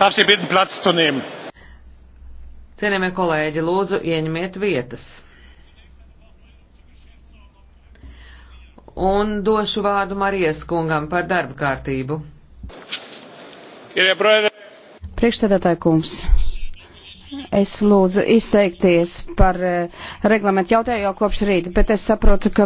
Darf Sie bitten, Platz zu nehmen. Cienījamie kolēģi, lūdzu, ieņemiet vietas. Un došu vārdu Marijas kungam par darba kārtību. Priekšsēdētāji kungs, es lūdzu izteikties par eh, reglamentu jautājumu jau kopš rīta, bet es saprotu, ka.